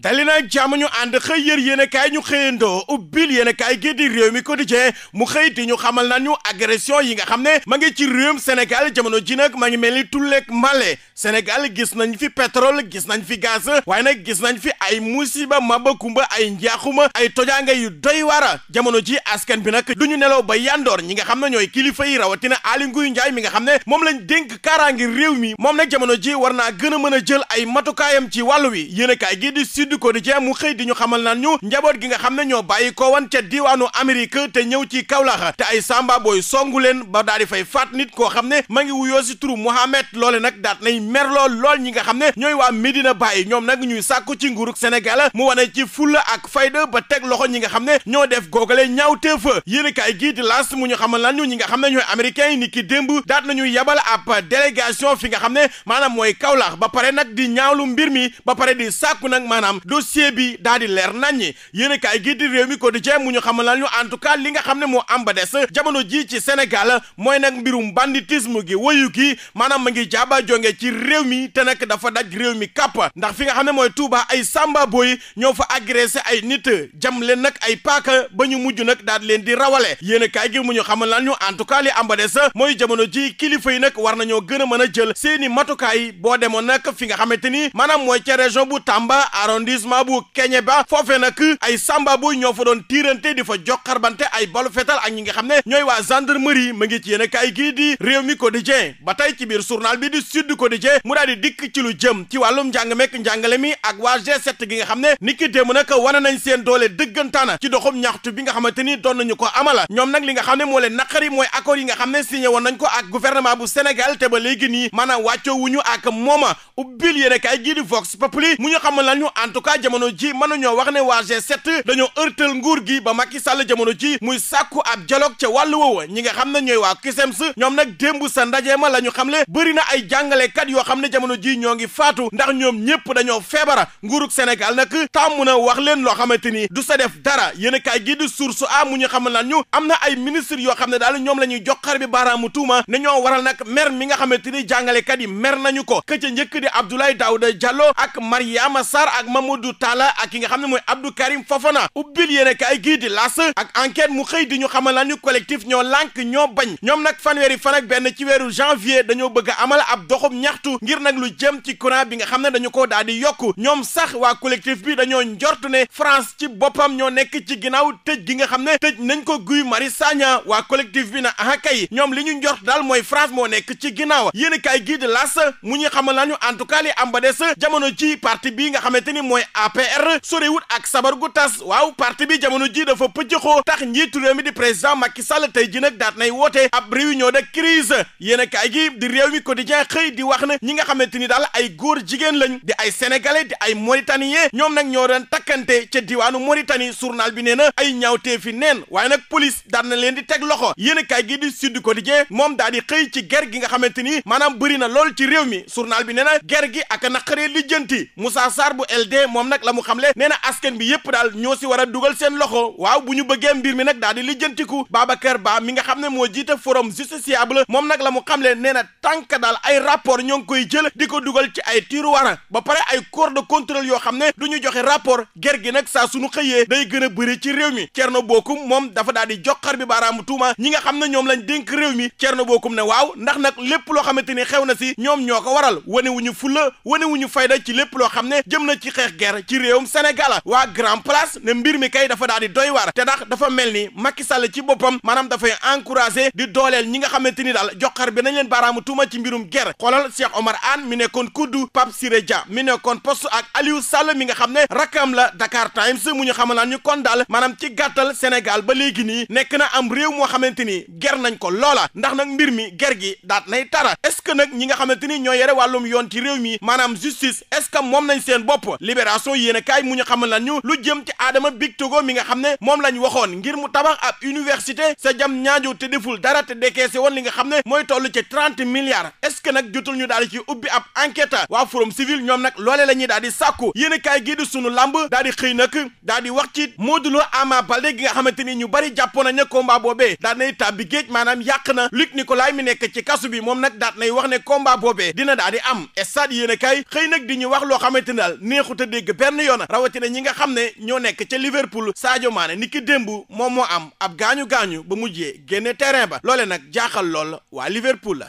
dali nag jàmm ñu ànd xëy yër yéen a kaay ñu xëyandoo ubbil yéen a kaay gi di réew mi quotidien mu xëyti ñu xamal na ñu agression yi nga xam ne ma ngi ci réewum Sénégal jamono ji nag ma ngi mel ni tulleeg male Sénégal gis nañ fi pétrole gis nañ fi gaz waaye nag gis nañ fi ay musiba maba kumba ay njaaxuma ay tojaanga yu doy wara jamono ji askan bi nag du ñu nelaw ba yandoor ñi nga xam ne ñooy kilifa yi rawatina Aly Ngouille Ndiaye mi nga xam ne moom lañ dénk kaaraange réew mi moom nag jamono ji war naa gën a mën a jël ay matukaayam ci wàllu wi Sud Quotidien mu xëy di ñu xamal naan ñu njaboot gi nga xam ne ñoo bàyyi ko wan ca diwaanu Amérique te ñëw ci Kaolack te ay Samba booy songu leen ba daal di fay faat nit koo xam ne ma ngi wuyoo si turu Mohamed loole nag daat nay mer lool lool ñi nga xam ne ñooy waa Medina Baye ñoom nag ñuy sàkku ci nguurug Sénégal mu wane ci fulla ak fayda ba teg loxo ñi nga xam ne ñoo def googale ñaawteef yéenekaay gii di L'As mu ñu xamal naan ñu ñi nga xam ne ñooy américains yi ni ki démb daat nañu yabal ab fi nga xam ne maanaam mooy Kaolack ba pare nag di ñaawlu mbir mi ba pare di sàkku nag maanaam dossier bi daal di leer naññi yéen gi di réew mi quotidien mu ñu xamal ñu en tout cas li nga xam ne moo am ba des jamono ji ci Sénégal mooy nag mbirum banditisme gi wayu gi maanaam ma ngi jaaba jonge ci réew mi te nag dafa daj réew mi kàpp ndax fi nga xam ne mooy Touba ay Samba boy ñoo fa agressé ay nit jam leen nag ay paaka ba ñu mujj nag daal leen di rawale yéen mu ñu xamal ñu en tout cas li am ba des mooy jamono ji kilifa yi nag war nañoo gën a mën a jël seeni matukaay boo demoon nag fi nga xamante ni maanaam mooy ca région bu Tamba Aaron arrondissement bu Keñeba foofe nag ay samba boy ñoo fa doon tiirante di fa joxarbante ay balu fetal ak ñi xam ne ñooy waa gendarmerie mu ngi ci yéen a kaay gii di réew mi quotidien ba tey ci biir journal bi di sud quotidien mu daal di dikk ci lu jëm ci wàllum njàng mekk mi ak waa G7 gi nga xam ne ni ki démb nag nañ seen doole dëggantaana ci doxum ñaxtu bi nga xamante ni doon nañu ko amala ñoom nag li nga xam ne moo leen naqari mooy accord yi nga a en tout cas jamono ji mënuñoo wax ne waa set 7 dañoo ërtal nguur gi ba Macky Sall jamono ji muy sàkku ab dialogue ca wàllu woowa ñi nga xam ne ñooy waa CUSEMS ñoom nag démb sa ndaje ma la ñu xam le bëri na ay jàngalekat yoo xam ne jamono ji ñoo ngi faatu ndax ñoom ñëpp dañoo feebara nguurug Sénégal nag tamu na wax leen loo xamante ni du sa def dara yéen a kaay gii di source a mu ñu xamal lan ñu am na ay ministre yoo xam ne daal ñoom la ñuy jox xar bi baaraamu tuuma ne ñoo waral nag mer mi nga xamante ni jàngalekat yi mer nañu ko ka ca njëkk di Abdoulaye Daouda Diallo ak Mariama Sarr ak Mamadou Talla ak ki nga xam ne mooy Abdou Karim Fofana ubbil yéen ak ay gii di las ak enquête mu xëy di ñu xamal ñu collectif ñoo lànk ñoo bañ ñoom nag fanweeri fan ak benn ci weeru janvier dañoo bëgg a amal ab doxum ñaxtu ngir nag lu jëm ci courant bi nga xam ne dañu ko daal di yokku ñoom sax waa collectif bi dañoo njort ne France ci boppam ñoo nekk ci ginnaaw tëj gi nga xam ne tëj nañ ko Guy Marius Sagna waa collectif bi na aha ñoom li ñu njort daal mooy France moo nekk ci ginnaaw yéen kay gii di mu ñu xamal lan ñu en tout cas li am ba des jamono ji parti mooy APR sorewut ak sabar gu tas waaw parti bi jamono ji dafa pëccëxoo tax njiitu réew mi di président Macky Sall tey ji nag daat nay woote ab réunion de crise yéen a kaay gi di réew mi quotidien xëy di wax ne ñi nga xamante ni daal ay góor jigéen lañ di ay sénégalais di ay mauritanien ñoom nag ñoo doon takkante ca diwaanu Mauritanie journal bi nee na ay ñaawtee fi neen waaye nag police daan na leen di teg loxo yéen a kaay gi di Sud Quotidien moom daal i xëy ci ger gi nga xamante ni maanaam bëri na lool ci réew mi journal bi nee na ger gi ak naqaree lijjanti Moussa Sarr quotidien moom nag la mu xamle nee na askan bi yëpp daal ñoo si war a dugal seen loxo waaw bu ñu bëggee mbir mi nag daal di lijjantiku Babacar baa mi nga xam ne moo jiite forum justiciable moom nag la mu le nee na tànk daal ay rapport ñoo ngi koy jël di ko dugal ci ay tiroir ba pare ay corps de contrôle yoo xam ne du ñu joxe rapport ger gi nag saa suñu xëyee day gën a bëri ci réew mi boo Bocoum moom dafa daal di joxar bi baaraamu tuuma ñi nga xam ne ñoom lañ dénk réew mi Thierno Bocoum ne waaw ndax nag lépp loo xamante ni xew na si ñoom ñoo ko waral wane wu ñu fulla wane ci lépp loo xam ne jëm na ci xeex xeex guerre ci réewum Sénégal waa grand place ne mbir mi kay dafa daal di doy waar te ndax dafa mel ni Macky Sall ci boppam maanaam dafay encouragé di dooleel ñi nga xamante ni daal joxar bi nañ leen baaraamu tuuma ci mbirum guerre xoolal Cheikh Omar Anne mi nekkoon kuddu Pape Siré Dia mi nekkoon poste ak Aliou Sall mi nga xam ne rakam la Dakar Times mu ñu xamal ñu kon daal maanaam ci gàttal Sénégal ba léegi nii nekk na am réew moo xamante ni ger nañ ko loola ndax nag mbir mi ger gi est-ce que nag ñi nga xamante ni ñoo yore wàllum yoon ci réew mi maanaam justice est-ce que moom nañ seen bopp libération yéene kaay mu ñu xamal lu jëm ci Adama Bictogo mi nga xam ne moom lañ waxoon ngir mu tabax ab université sa jam ñaajo te deful dara te décaissé woon li nga xam ne mooy toll ci trente milliards est-ce que nag jotul ñu daal di ci ubbi ab enquête waa forum civil ñoom nag loole la ñuy daal di sàkku yéene kaay gii di sunu làmb daal di xëy nag daal di wax ci Modou Lo Ama Baldé gi nga xamante ni ñu bari jàppoon nañ ne combat boobee daal nay tàbbi maanaam yàq na Luc Nicolaï mi nekk ci kasu bi moom nag daat nay wax ne combat boobee dina daa di am stade yéen a kay xëy nag di ñu wax loo xamante ne daal neexut a dégg benn yoon rawatina ñi nga xam ne ñoo nekk ca Liverpool Sadio Mané ni ki démb moom moo am ab gaañu gaañu ba mujjee génne terrain ba loole nag jaaxal lool waa Liverpool la.